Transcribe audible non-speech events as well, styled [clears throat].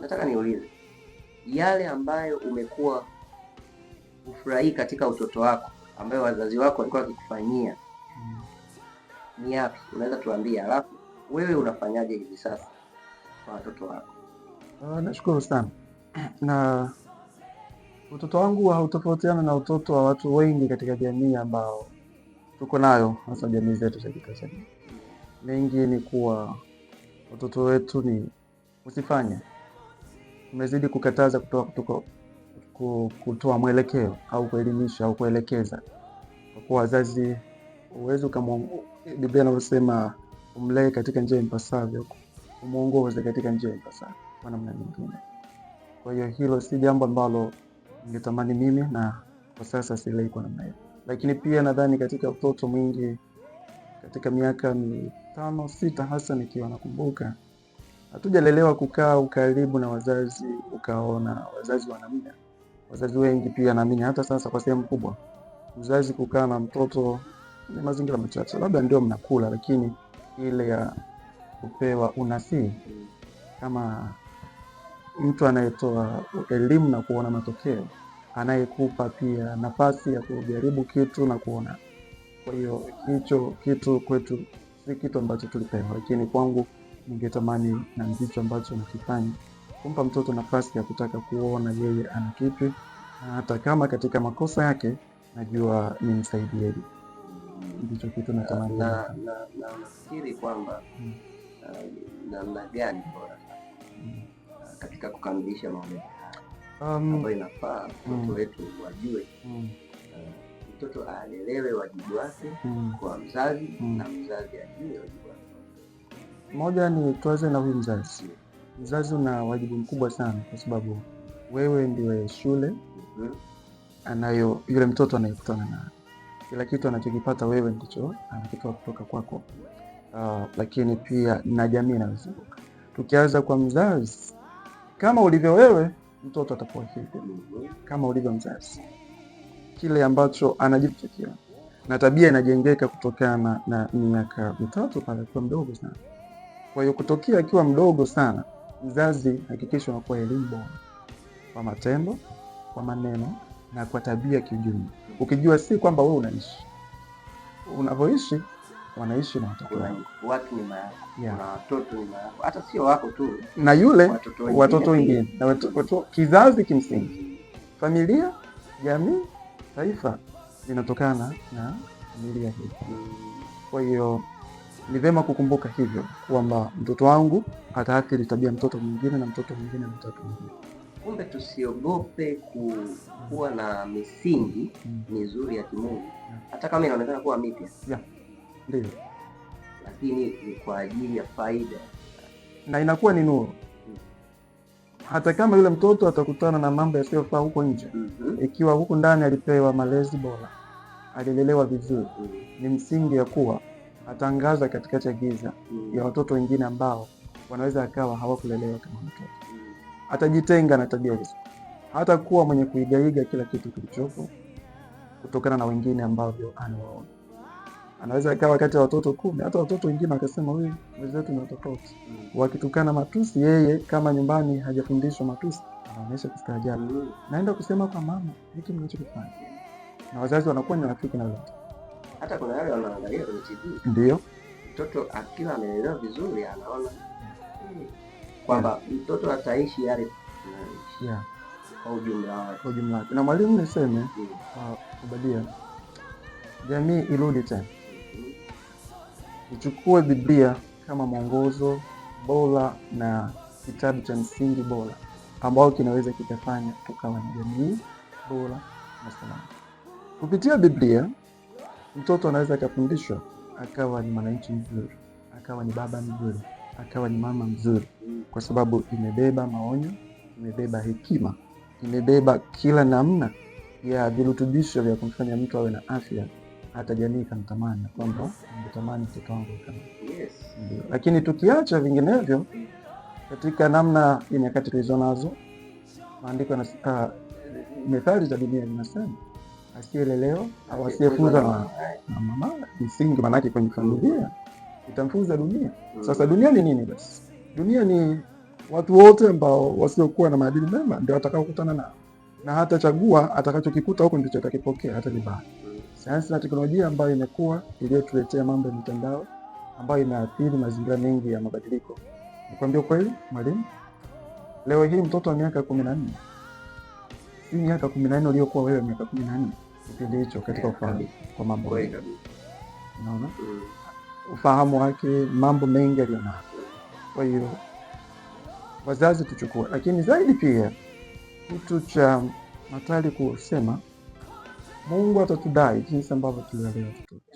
nataka niulize yale ambayo umekuwa ufurahii katika utoto wako ambayo wazazi wako walikuwa wakikufanyia mm. ni yapi? Unaweza tuambie, alafu wewe unafanyaje hivi sasa kwa watoto wako? Uh, nashukuru sana [clears throat] na utoto wangu hautofautiana na utoto wa watu wengi katika jamii ambao tuko nayo, hasa jamii zetu za Kitanzania. Mengi ni kuwa watoto wetu ni usifanye umezidi kukataza kutoa kutoka kutoa mwelekeo au kuelimisha au kuelekeza, kwa kuwa wazazi uwezi kama Biblia inavyosema umlee katika njia impasavyo, umuongoze katika njia impasavyo kwa namna nyingine. Kwa hiyo hilo si jambo ambalo ningetamani mimi, na kwa sasa silei kwa namna hiyo. Lakini pia nadhani katika utoto mwingi, katika miaka mitano sita hasa, nikiwa nakumbuka hatujalelewa kukaa ukaribu na wazazi, ukaona wazazi wana Wazazi wengi pia naamini hata sasa kwa sehemu kubwa mzazi kukaa na mtoto ni mazingira machache, labda ndio mnakula, lakini ile ya kupewa unasii kama mtu anayetoa elimu na kuona matokeo, anayekupa pia nafasi ya kujaribu kitu na kuona. Kwa hiyo hicho kitu kwetu si kitu ambacho tulipewa, lakini kwangu ningetamani na ndicho ambacho nakifanya, kumpa mtoto nafasi ya kutaka kuona yeye ana kipi, na hata kama katika makosa yake najua ni msaidieje. Ndicho kitu natamani. Na nafikiri kwamba hmm. uh, namna gani bora uh, katika kukamilisha maono um, ambayo inafaa watu hmm. wetu wajue hmm. uh, mtoto aelewe wajibu wake kwa mzazi na mzazi ajue wajibu moja ni tuanze na huyu mzazi. Mzazi una wajibu mkubwa sana, kwa sababu wewe ndiwe shule anayo yule mtoto anayekutana na Kila kitu anachokipata wewe ndicho anakipewa kutoka kwako, uh, lakini pia na jamii inayozunguka. Tukianza kwa mzazi, kama ulivyo wewe, mtoto atakuwa hivyo kama ulivyo mzazi, kile ambacho anajifikiria na tabia inajengeka kutokana na miaka mitatu pale, kwa mdogo sana. Kwa hiyo kutokea akiwa mdogo sana, mzazi hakikisha unakuwa elimu bora kwa matendo, kwa maneno na kwa tabia kiujumla, ukijua si kwamba wewe unaishi unavyoishi wanaishi na watoto wako, watu nyuma yako, yeah. na watoto nyuma yako, hata sio wako tu, na yule watoto wengine na watoto, kizazi kimsingi, familia, jamii, taifa linatokana na familia hii. Mm. Kwa hiyo ni vema kukumbuka hivyo kwamba mtoto wangu ataathiri tabia mtoto mwingine na mtoto mwingine na mtoto mwingine. Kumbe tusiogope kuwa na misingi mm. mizuri ya kimungu hata kama inaonekana kuwa mipya, Ndio, lakini ni kwa ajili ya faida na inakuwa ni nuru hata kama yule mtoto atakutana na mambo yasiyofaa huko nje, mhm. Ikiwa huku ndani alipewa malezi bora, alilelewa vizuri, mhm. Ni msingi ya kuwa atangaza katikati ya giza mm. ya watoto wengine ambao wanaweza akawa hawakulelewa kama mtoto mm. atajitenga na tabia hizo, hatakuwa mwenye kuigaiga kila kitu kilichopo kutokana na wengine ambavyo anawaona. Anaweza akawa kati ya watoto kumi, hata watoto wengine wakasema huyu mwenzetu ni watofauti mm. wakitukana matusi, yeye kama nyumbani hajafundishwa matusi, anaonyesha kustaajabu mm. naenda kusema kwa mama hiki mnachokifanya, na wazazi wanakuwa ni rafiki na wote hata kuna wale wanaangalia kwenye TV. Ndio mtoto akiwa ameelewa vizuri anaona hmm, kwamba mtoto ataishi yale yeah. kwa ujumla wake, kwa ujumla wake. Na mwalimu niseme Obadia, hmm. yeah. jamii irudi tena hmm. ichukue Biblia kama mwongozo bora na kitabu cha msingi bora ambao kinaweza kikafanya tukawa na jamii bora na salama kupitia Biblia Mtoto anaweza akafundishwa akawa ni mwananchi mzuri, akawa ni baba mzuri, akawa ni mama mzuri, kwa sababu imebeba maonyo, imebeba hekima, imebeba kila namna ya virutubisho vya kumfanya mtu awe na afya, hata jamii ikamtamani kwamba ngetamani mtoto wangu kama. Ndio, lakini tukiacha vinginevyo katika namna ya nyakati tulizo nazo, maandiko na ah, methali za dunia zinasema asielelewa au asiyefunza na mama msingi, maanake kwenye familia itamfunza dunia. Mm. Sasa dunia ni nini? Basi dunia ni watu wote ambao wasiokuwa na maadili mema ndio atakaokutana nao, na hata chagua atakachokikuta huko ndicho atakipokea, hata vibaya. Mm. Sayansi na teknolojia ambayo imekuwa iliyotuletea mambo ya mitandao ambayo imeathiri mazingira mengi ya mabadiliko. Nikwambia kweli mwalimu, leo hii mtoto wa miaka kumi na nne si miaka kumi na nne uliokuwa wewe miaka kumi na nne kipindi hicho katika ufahamu kwa mambo mengi, unaona mm. ufahamu wake mambo mengi aliyonayo. Kwa hiyo wazazi tuchukua, lakini zaidi pia kitu cha matali kusema, Mungu atatudai jinsi ambavyo tuliwalea watoto